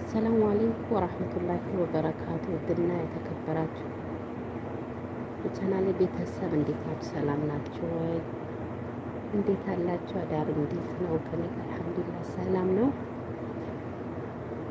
አሰላሙ አለይኩም ወራህመቱላሂ ወበረካቱ። ውድና የተከበራችሁ የቻናሌ ቤተሰብ እንዴት ናችሁ? ሰላም ናችሁ ወይ? እንዴት አላችሁ? አዳሩ እንዴት ነው? ከኔ አልሐምዱሊላህ ሰላም ነው።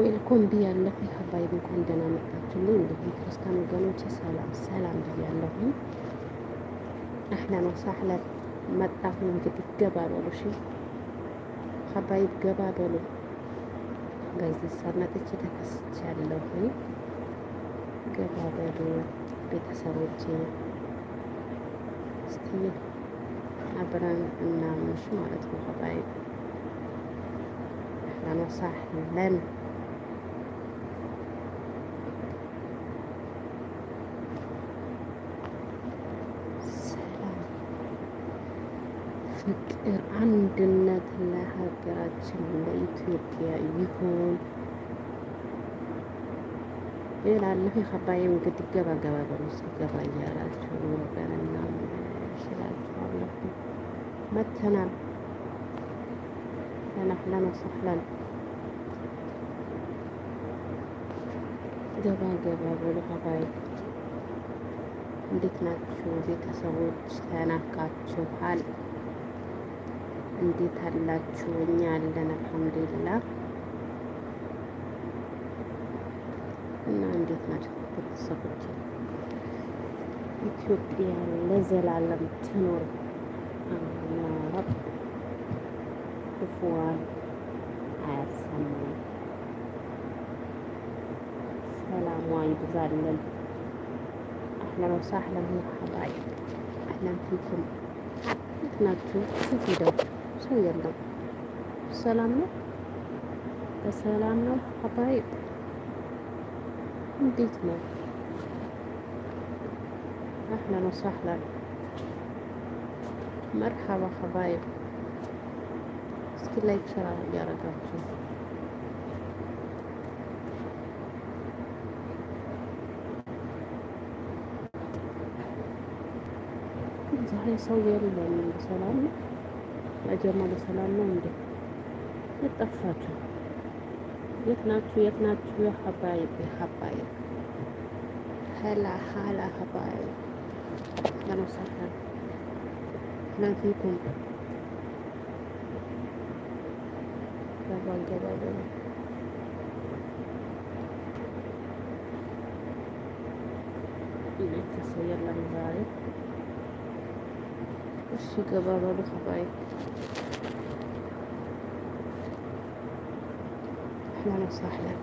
ዌልኮም ብያለሁ። ሀባይብ እንኳን ደህና መጣችሁልኝ። እንዲሁም ክርስቲያን ወገኖች ሰላም ሰላም ብያለሁ። አህለን ወሳህለን መጣሁ። እንግዲህ ገባ በሉ እሺ፣ ገባ በሉ ገዝሳ መጥቼ ተከስቻለሁኝ። ገባ በሉ እስቲ አብረን እናምሽ ማለት ነው። ሀገራችን ለኢትዮጵያ ይሁን ይላለሁ። የሀባይ እንግዲህ ገባ ገባ በሉስ ገባ እያላችሁ ወገንና ስላችኋለሁ። መተናል ለናፍላን ወሳፍላን ገባ ገባ በሉ ሀባይ እንዴት ናችሁ ቤተሰቦች? ተናፍቃችኋል? እንዴት አላችሁ? እኛ አለን አልሐምዱሊላ። እና እንዴት ናቸው ቤተሰቦች? ኢትዮጵያ ለዘላለም ትኖር። አላህ ክፉዋን አያሰማን፣ ሰላሟ ይብዛልን። አህለን ወሳህለን፣ አህለን ፊኩም ናችሁ ሄዳችሁ ሰው የለም። ሰላም ነው፣ በሰላም ነው። አባይ እንዴት ነው? አህለን ወሳህለን መርሐባ ሀባይብ እስኪ ላይክ ሸራ እያደረጋችሁ ዛሬ ሰው የለም። ሰላም ነው ለጀማል ሰላም ነው እንዴ? የጠፋችሁ የት ናችሁ? የት ናችሁ? ሀባይ ሀባይ ሀላ ሀላ ሀባይ ለመሳከል ናፊኩም ገባ ገባ ገባ ቤተሰብ የለም ዛሬ እሱ ገባ በሉ ባይ አህላን ወሳህላን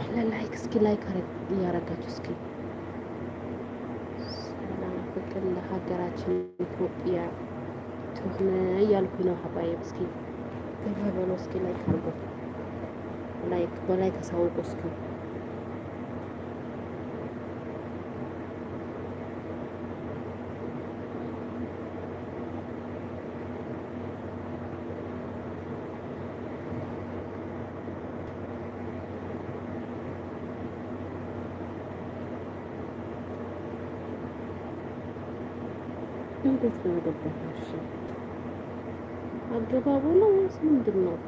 አህላን። ላይክ እስኪ ላይክ እያረጋችሁ እስኪ ሰላም ፍቅር ለሀገራችን ኢትዮጵያ ትሁን እያልኩ ነው። ሀባይ እስኪ ገባ በሉ እስኪ ላይክ አርጉ። ላይክ በላይክ አሳውቁ እስኪ እንዴት ነው የገባው? እሺ አገባቡ ነው ወይስ ምንድን ነው?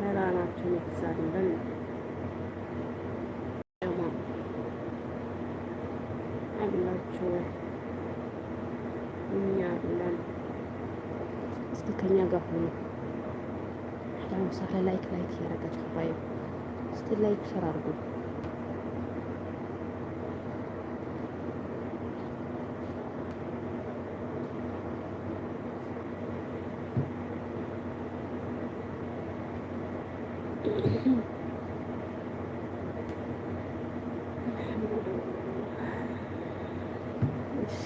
ሰላማችሁን ይብዛልን። አላችሁ እኛ አለን። እስቲ ከኛ ጋር ሆኑ። ሳለ ላይክ ላይክ እያደረጋችሁ ባይ እስቲ ላይክ ሸር አድርጉ። እሺ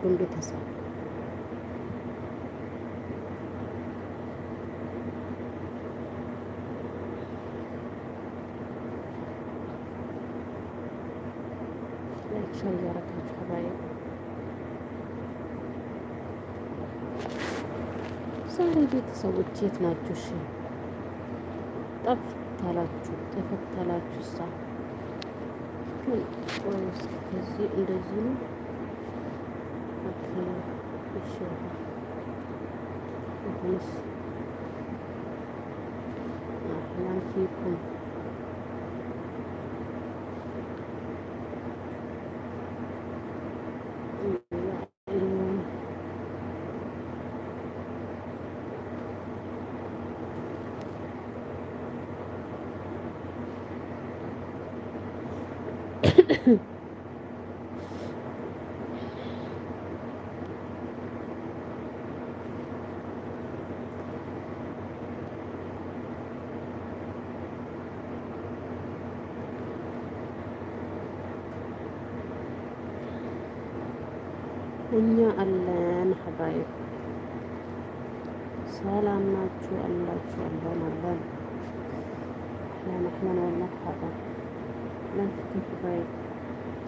ሁሉም ቤተሰብ እያረጋችሁ ዛሬ ቤተሰቦች የት ናችሁ? እሺ ጠፍታላችሁ ተፈታላችሁ ሳ እንደዚህ ነው። Bakayım. Sure. şey. Bakınız. Ahlam fikum. Mm-hmm. ሀባይብ ሰላም ናችሁ አላችሁ? አለን አለን አለን አለን አለን ሀባ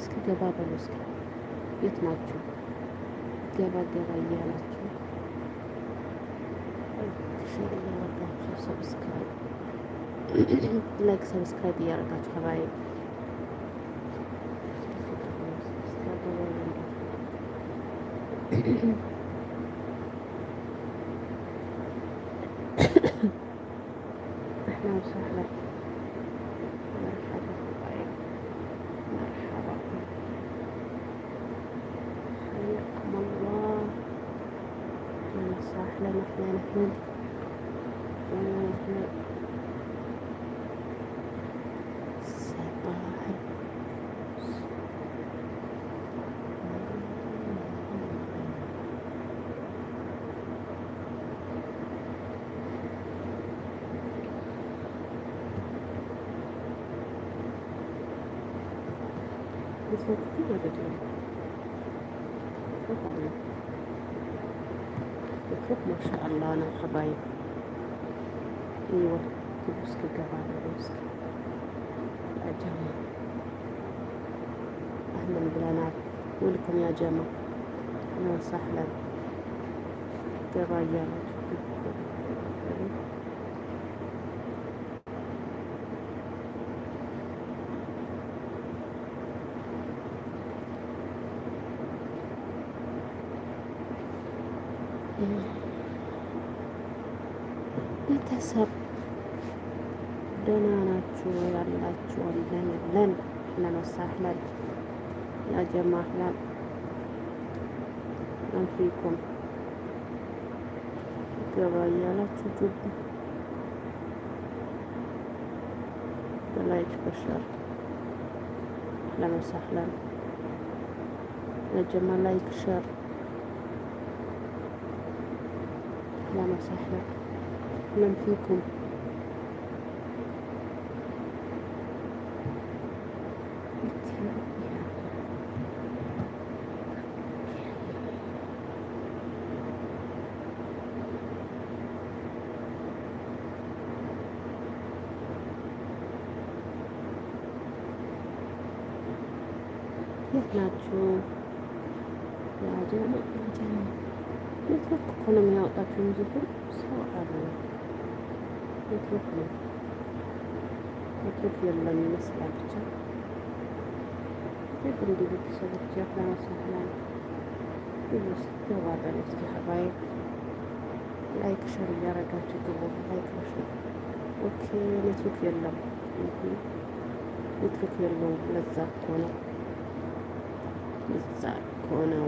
እስኪ ገባ በሉ እስኪ የት ናችሁ? ገባ ገባ እያላችሁ ሼር እያረጋችሁ ሰብስክራይብ ላይክ ሰብስክራይብ እያረጋችሁ ሀባይ This one could be with a deal. الكريب ما شاء الله انا الحبايب ايوه تبوسك قبل تبوسك يا جماعة اهلا بالبنات ويلكم يا جماعة اهلا وسهلا قرايبك ቤተሰብ ደህና ናችሁ ያላችሁ? አለን አለን አለን ወሳህለን አንፊኩም ገባ እያላችሁ ግቡ። በላይክ በሸር አህለን ያጀማ ላይክ ሸር أهلا وسهلا أهلا فيكم يا بلاتشو يا جماعة እኮ ነው የሚያወጣችሁ እንጂ ሰው አለ ኔትወርክ ነው ኔትወርክ የለም ይመስላል። ብቻ ግን እንዲህ ቤተሰቦች ያፍላመሰላል ውስጥ ገባለን። እስኪ ሀባይ ላይክ ሸር እያረጋችሁ ግቡ። ላይክ ሸር። ኦኬ ኔትወርክ የለም ኔትወርክ የለውም። ለዛ እኮ ነው ለዛ እኮ ነው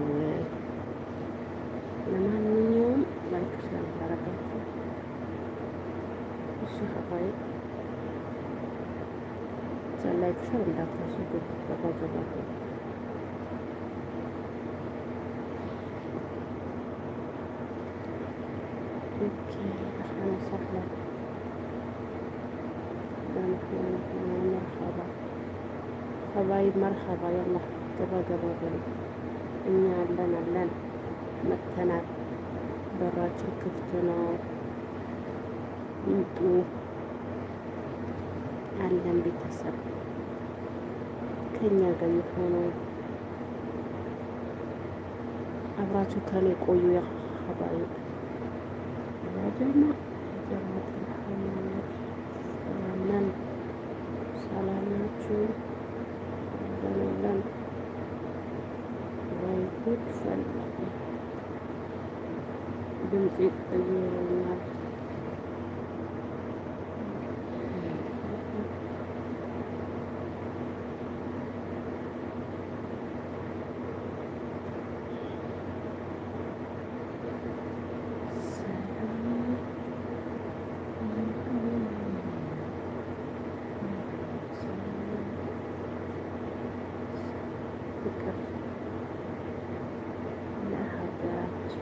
ለማን حقائق ان لا يكشر እንዳትረሱ ገባ ገባ ኦኬ احنا احنا احنا مرحبا حبايب مرحبا يلا ገባ ገባ በሉ إني علنا علنا መጥተናል በራችን ክፍት ይምጡ አለን ቤተሰብ ከኛ ጋር የሆነው አብራችሁ ከኔ ቆዩ። ያባይ ሰላማችሁ ወይ ጉድ ፈላ ድምፅ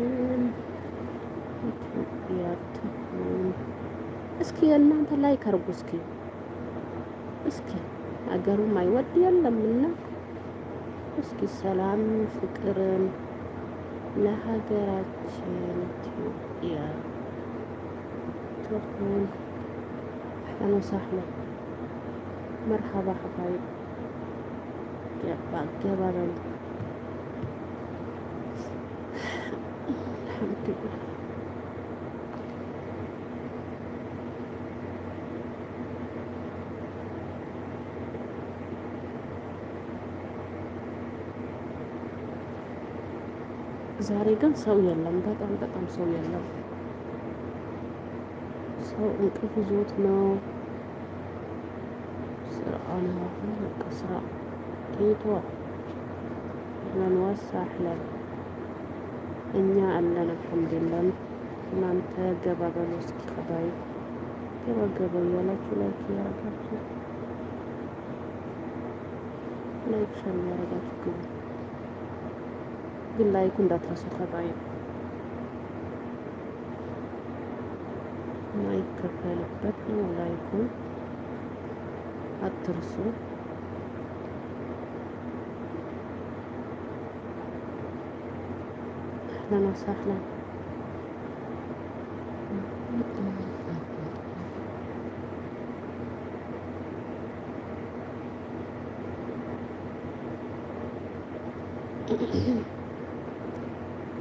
ትሁን ኢትዮጵያ ትሁን። እስኪ እናንተ ላይ ከርጉ እስኪ እስኪ ሀገሩም አይወድ የለምና እስኪ ሰላም ፍቅርን ለሀገራችን ኢትዮጵያ ትሁን። አህለን ወሳህለን መርሀባ ሀባይብ ገባ ገባ በሉ ዛሬ ግን ሰው የለም። በጣም በጣም ሰው የለም። ሰው እንቅልፍ ይዞት ነው። ስራ ነው፣ በቃ ስራ ጌቷ ለንወሳ አሕለን እኛ አለን አልሐምዱሊላህ። እናንተ ገባ በሉ ስቀባይ ገባ ገባ እያላችሁ ላይክ እያረጋችሁ ላይክ ሸር እያረጋችሁ ግቡ። ግን ላይኩ እንዳትረሱ ከባይ ማይከፈልበት ነው። ላይኩን አትርሱ። أهلا وسهلا